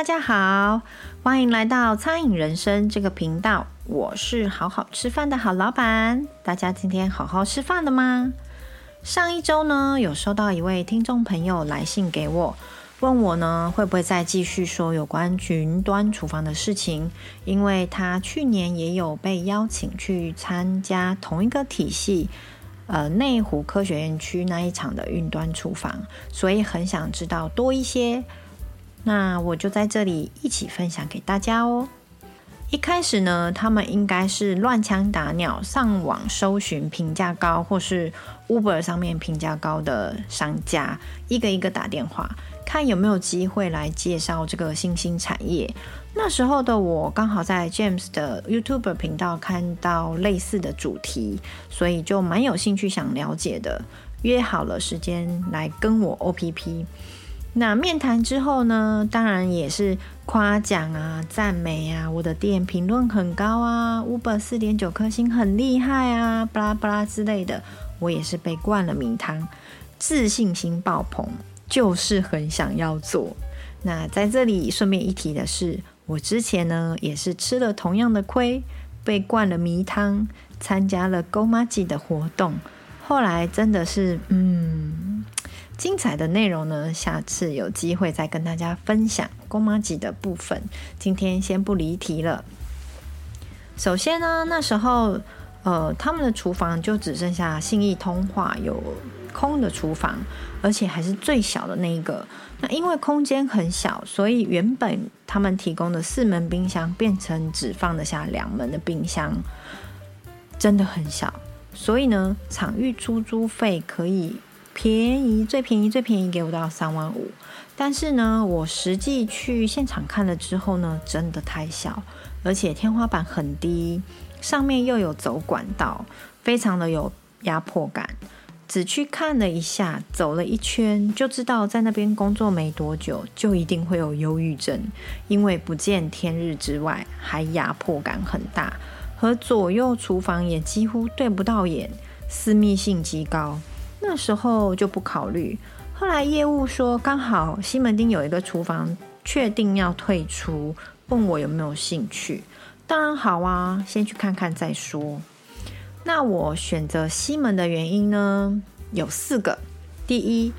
大家好，歡迎來到《餐飲人生》這個頻道。我是好好吃飯的好老板。大家今天好好吃飯了嗎？上一周呢，有收到一位聽眾朋友來信給我，問我呢會不會再繼續說有關雲端廚房的事情，因為他去年也有被邀請去參加同一個體系，呃，內湖科學園區那一場的雲端廚房，所以很想知道多一些。那我就在這裡一起分享給大家哦。一開始呢，他們應該是亂槍打鳥，上網搜尋評價高或是 Uber 上面評價高的商家，一個一個打電話，看有沒有機會來介紹這個新興產業。那時候的我剛好在 James 的 YouTuber 頻道看到類似的主題，所以就蠻有興趣想了解的，約好了時間來跟我 OPP。那面談之後呢，當然也是誇獎啊、讚美啊，我的店評論很高啊，Uber 四點九顆星很厲害啊，巴拉巴拉之類的。我也是被灌了迷湯，自信心爆棚，就是很想要做。那在這裡順便一提的是，我之前呢也是吃了同樣的虧，被灌了迷湯，參加了 GoMaji 的活動，後來真的是嗯。精彩的內容呢，下次有機會再跟大家分享夠麻吉的部分。今天先不離題了。首先呢，那時候呃，他們的廚房就只剩下信義通化有空的廚房，而且還是最小的那一個。那因為空間很小，所以原本他們提供的四門冰箱變成只放得下兩門的冰箱，真的很小。所以呢，場域出租費可以便宜，最便宜，最便宜，給不到三萬五。但是呢，我實際去現場看了之後呢，真的太小，而且天花板很低，上面又有走管道，非常的有壓迫感。只去看了一下，走了一圈，就知道在那邊工作沒多久，就一定會有憂鬱症，因為不見天日之外，還壓迫感很大，和左右廚房也幾乎對不到眼，私密性極高。那時候就不考慮，後來業務說，剛好西門町有一個廚房，確定要退出，問我有沒有興趣。當然好啊，先去看看再說。那我選擇西門的原因呢，有四個。第一，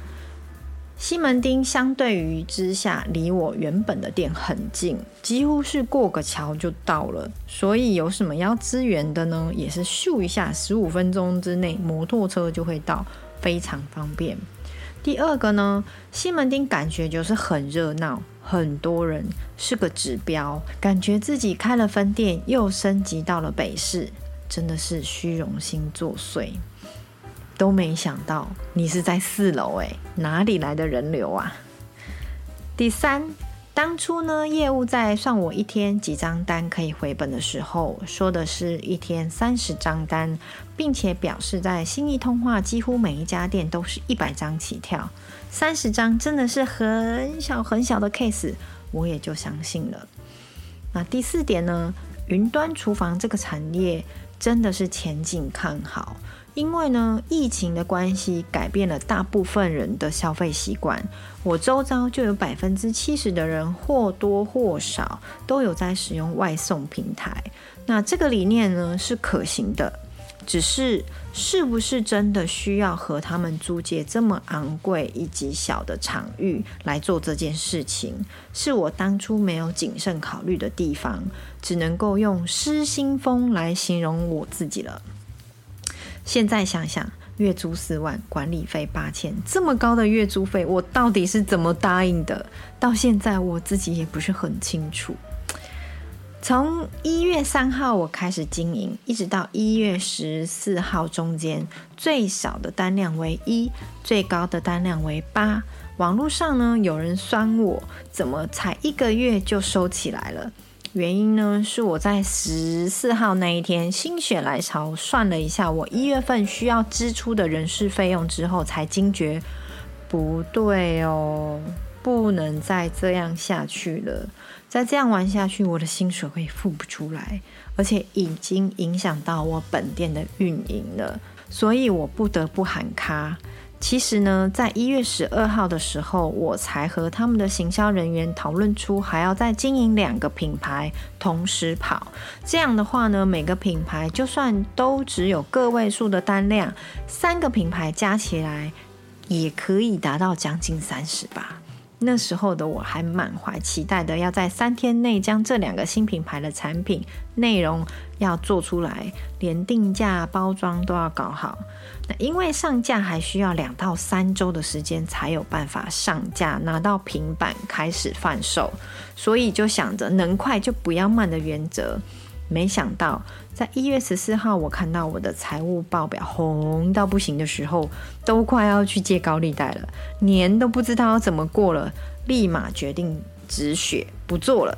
西門町相對於之下離我原本的店很近，幾乎是過個橋就到了。所以有什麼要支援的呢？也是咻一下15，十五分鐘之內摩托車就會到。非常方便。第二個呢，西門町感覺就是很熱鬧，很多人是個指標，感覺自己開了分店又升級到了北市，真的是虛榮心作祟。都沒想到你是在四樓誒，哪裡來的人流啊？第三。當初呢，業務在算我一天幾張單可以回本的時候，說的是一天三十張單，並且表示在信義、通化幾乎每一家店都是一百張起跳，三十張真的是很小很小的 case，我也就相信了。那第四點呢，雲端廚房這個產業真的是前景看好。因為呢，疫情的關係改變了大部分人的消費習慣。我周遭就有百分之七十的人或多或少都有在使用外送平台。那這個理念呢，是可行的，只是是不是真的需要和他們租借這麼昂貴以及小的場域來做這件事情，是我當初沒有謹慎考慮的地方，只能夠用失心瘋來形容我自己了。現在想想，月租四萬，管理費八千，這麼高的月租費，我到底是怎麼答應的？到現在我自己也不是很清楚。從一月三號我開始經營，一直到一月十四號，中間最少的單量為一，最高的單量為八。網絡上呢，有人酸我，怎麼才一個月就收起來了？原因呢，是我在十四號那一天心血來潮，算了一下我一月份需要支出的人事費用之後，才驚覺不對哦，不能再這樣下去了。再這樣玩下去，我的薪水會付不出來，而且已經影響到我本店的運營了，所以我不得不喊卡。其實呢，在一月十二號的時候，我才和他們的行銷人員討論出，還要再經營兩個品牌同時跑。這樣的話呢，每個品牌就算都只有個位數的單量，三個品牌加起來也可以達到將近三十吧。那時候的我還滿懷期待的要在三天內將這兩個新品牌的產品內容要做出來，連定價、包裝都要搞好。那因為上架還需要兩到三週的時間才有辦法上架，拿到平板開始販售，所以就想着能快就不要慢的原則。沒想到，在一月十四號，我看到我的財務報表紅到不行的時候，都快要去借高利貸了，年都不知道怎麼過了。立馬決定止血，不做了。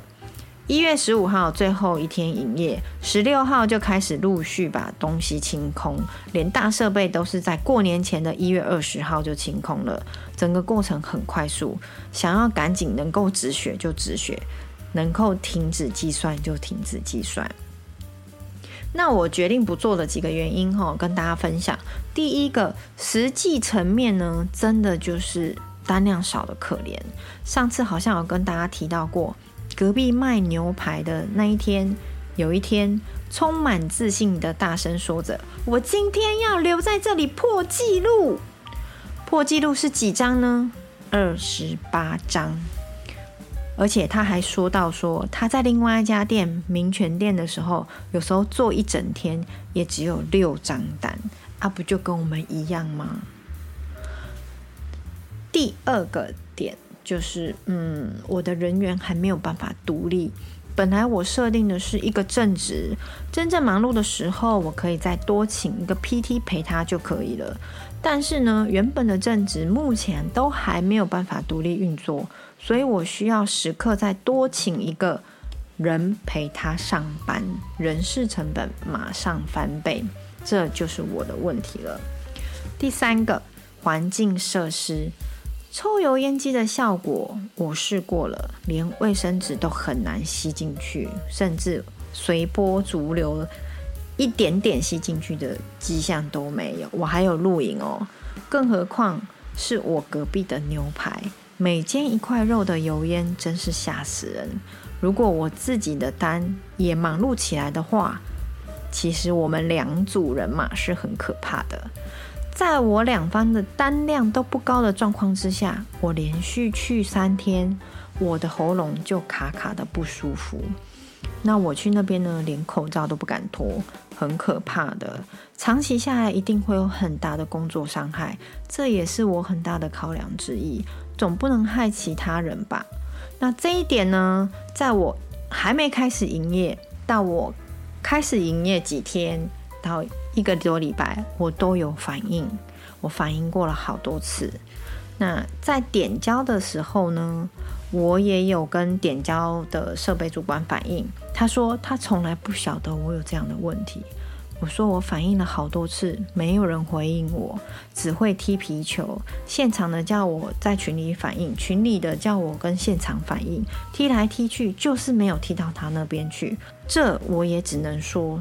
一月十五號最後一天營業，十六號就開始陸續把東西清空，連大設備都是在過年前的一月二十號就清空了。整個過程很快速，想要趕緊能夠止血就止血，能夠停止計算就停止計算。那我決定不做的幾個原因，哈，跟大家分享。第一個，實際層面呢，真的就是單量少得可憐。上次好像有跟大家提到過，隔壁賣牛排的那一天，有一天充滿自信的大聲說着：“我今天要留在這裡破紀錄。”破紀錄是幾張呢？二十八張。而且他還說到說，說他在另外一家店民權店的時候，有時候做一整天也只有六張單，啊，不就跟我們一樣嗎？第二個點就是，嗯，我的人員還沒有辦法獨立。本來我設定的是一個正職，真正忙碌的時候我可以再多請一個 PT 陪他就可以了。但是呢，原本的正職目前都還沒有辦法獨立運作，所以我需要時刻再多請一個人陪他上班，人事成本馬上翻倍，這就是我的問題了。第三個，環境設施。抽油煙機的效果我試過了，連衛生紙都很難吸進去，甚至隨波逐流，一點點吸進去的跡象都沒有。我還有露營哦，更何況是我隔壁的牛排，每煎一塊肉的油煙真是嚇死人。如果我自己的單也忙碌起來的話，其實我們兩組人馬是很可怕的。在我兩方的單量都不高的狀況之下，我連續去三天，我的喉嚨就卡卡的不舒服。那我去那邊呢，連口罩都不敢脫，很可怕的。長期下來一定會有很大的工作傷害，這也是我很大的考量之一。總不能害其他人吧？那這一點呢，在我還沒開始營業，到我開始營業幾天。到一個多禮拜，我都有反應，我反應過了好多次。那在點交的時候呢，我也有跟點交的設備主管反映，他說他從來不曉得我有這樣的問題。我說我反應了好多次，沒有人回應我，只會踢皮球。現場的叫我在群裡反應，群裡的叫我跟現場反應，踢來踢去就是沒有踢到他那邊去。這我也只能說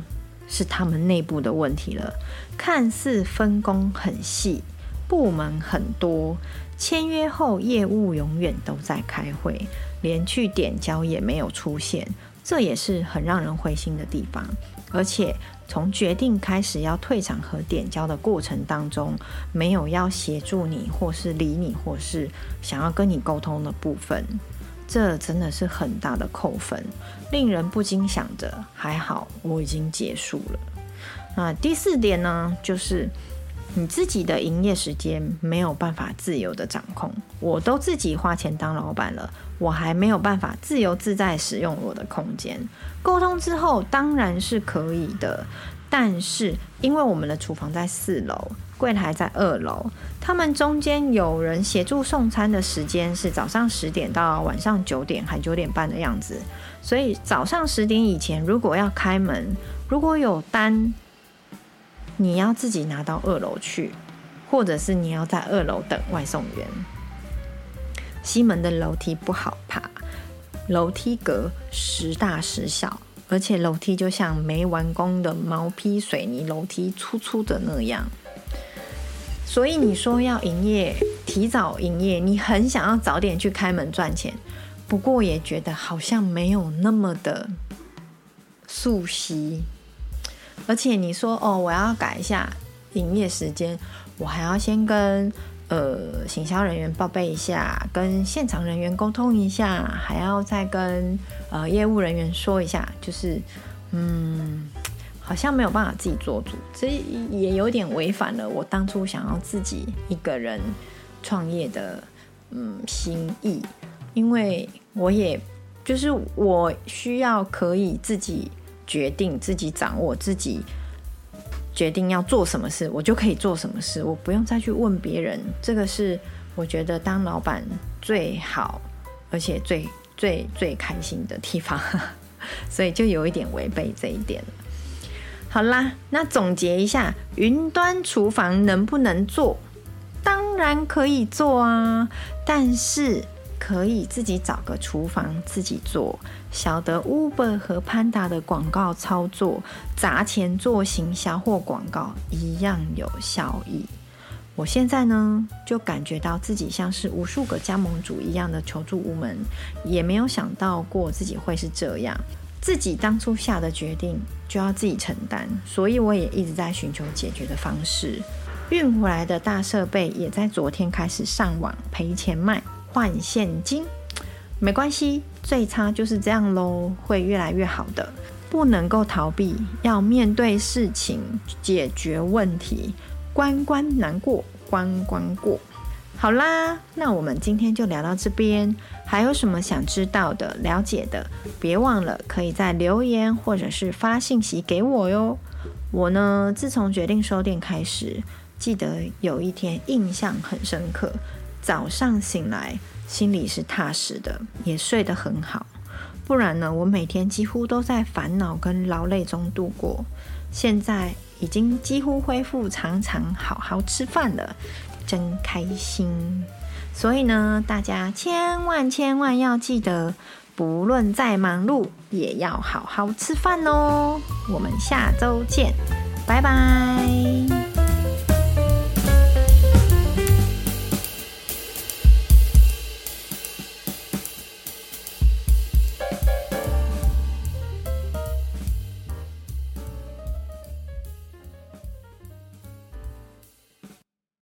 是他們內部的問題了，看似分工很細，部門很多，簽約後業務永遠都在開會，連去點交也沒有出現，這也是很讓人灰心的地方。而且從決定開始要退場和點交的過程當中，沒有要協助你，或是理你，或是想要跟你溝通的部分，這真的是很大的扣分。令人不禁想着，還好我已經結束了。那第四點呢，就是你自己的營業時間沒有辦法自由的掌控。我都自己花錢當老闆了，我還沒有辦法自由自在使用我的空間。溝通之後當然是可以的。但是，因為我們的廚房在四樓，櫃檯在二樓，他們中間有人協助送餐的時間是早上十點到晚上九點，還九點半的樣子。所以早上十點以前，如果要開門，如果有單，你要自己拿到二樓去，或者是你要在二樓等外送員。西門的樓梯不好爬，樓梯格時大時小。而且樓梯就像沒完工的毛坯水泥樓梯，粗粗的那樣。所以你說要營業，提早營業，你很想要早點去開門賺錢，不過也覺得好像沒有那麼的素息。而且你說哦，我要改一下營業時間，我還要先跟。呃，行銷人員報備一下，跟現場人員溝通一下，還要再跟呃業務人員說一下，就是，嗯，好像沒有辦法自己做主，這也有點違反了我當初想要自己一個人創業的嗯心意，因為我也就是我需要可以自己決定、自己掌握、自己。決定要做什麼事，我就可以做什麼事，我不用再去問別人。這個是我覺得當老闆最好，而且最最最開心的地方， 所以就有一點違背這一點了。好啦，那總結一下，雲端廚房能不能做？當然可以做啊，但是。可以自己找個廚房自己做，曉得 Uber 和 Panda 的廣告操作，砸錢做行銷或廣告一樣有效益。我現在呢，就感覺到自己像是無數個加盟主一樣的求助無門，也沒有想到過自己會是這樣。自己當初下的決定就要自己承擔，所以我也一直在尋求解決的方式。運回來的大設備也在昨天開始上網賠錢賣。換現金沒關係，最差就是這樣嘍，會越來越好的。不能夠逃避，要面對事情，解決問題。關關難過，關關過。好啦，那我們今天就聊到這邊。還有什麼想知道的、了解的，別忘了可以再留言或者是發信息給我喲。我呢，自從決定收店開始，記得有一天印象很深刻。早上醒來，心裡是踏實的，也睡得很好。不然呢，我每天幾乎都在煩惱跟勞累中度過。現在已經幾乎恢復常常好好吃飯了，真開心。所以呢，大家千萬千萬要記得，不論再忙碌，也要好好吃飯哦。我們下週見，拜拜。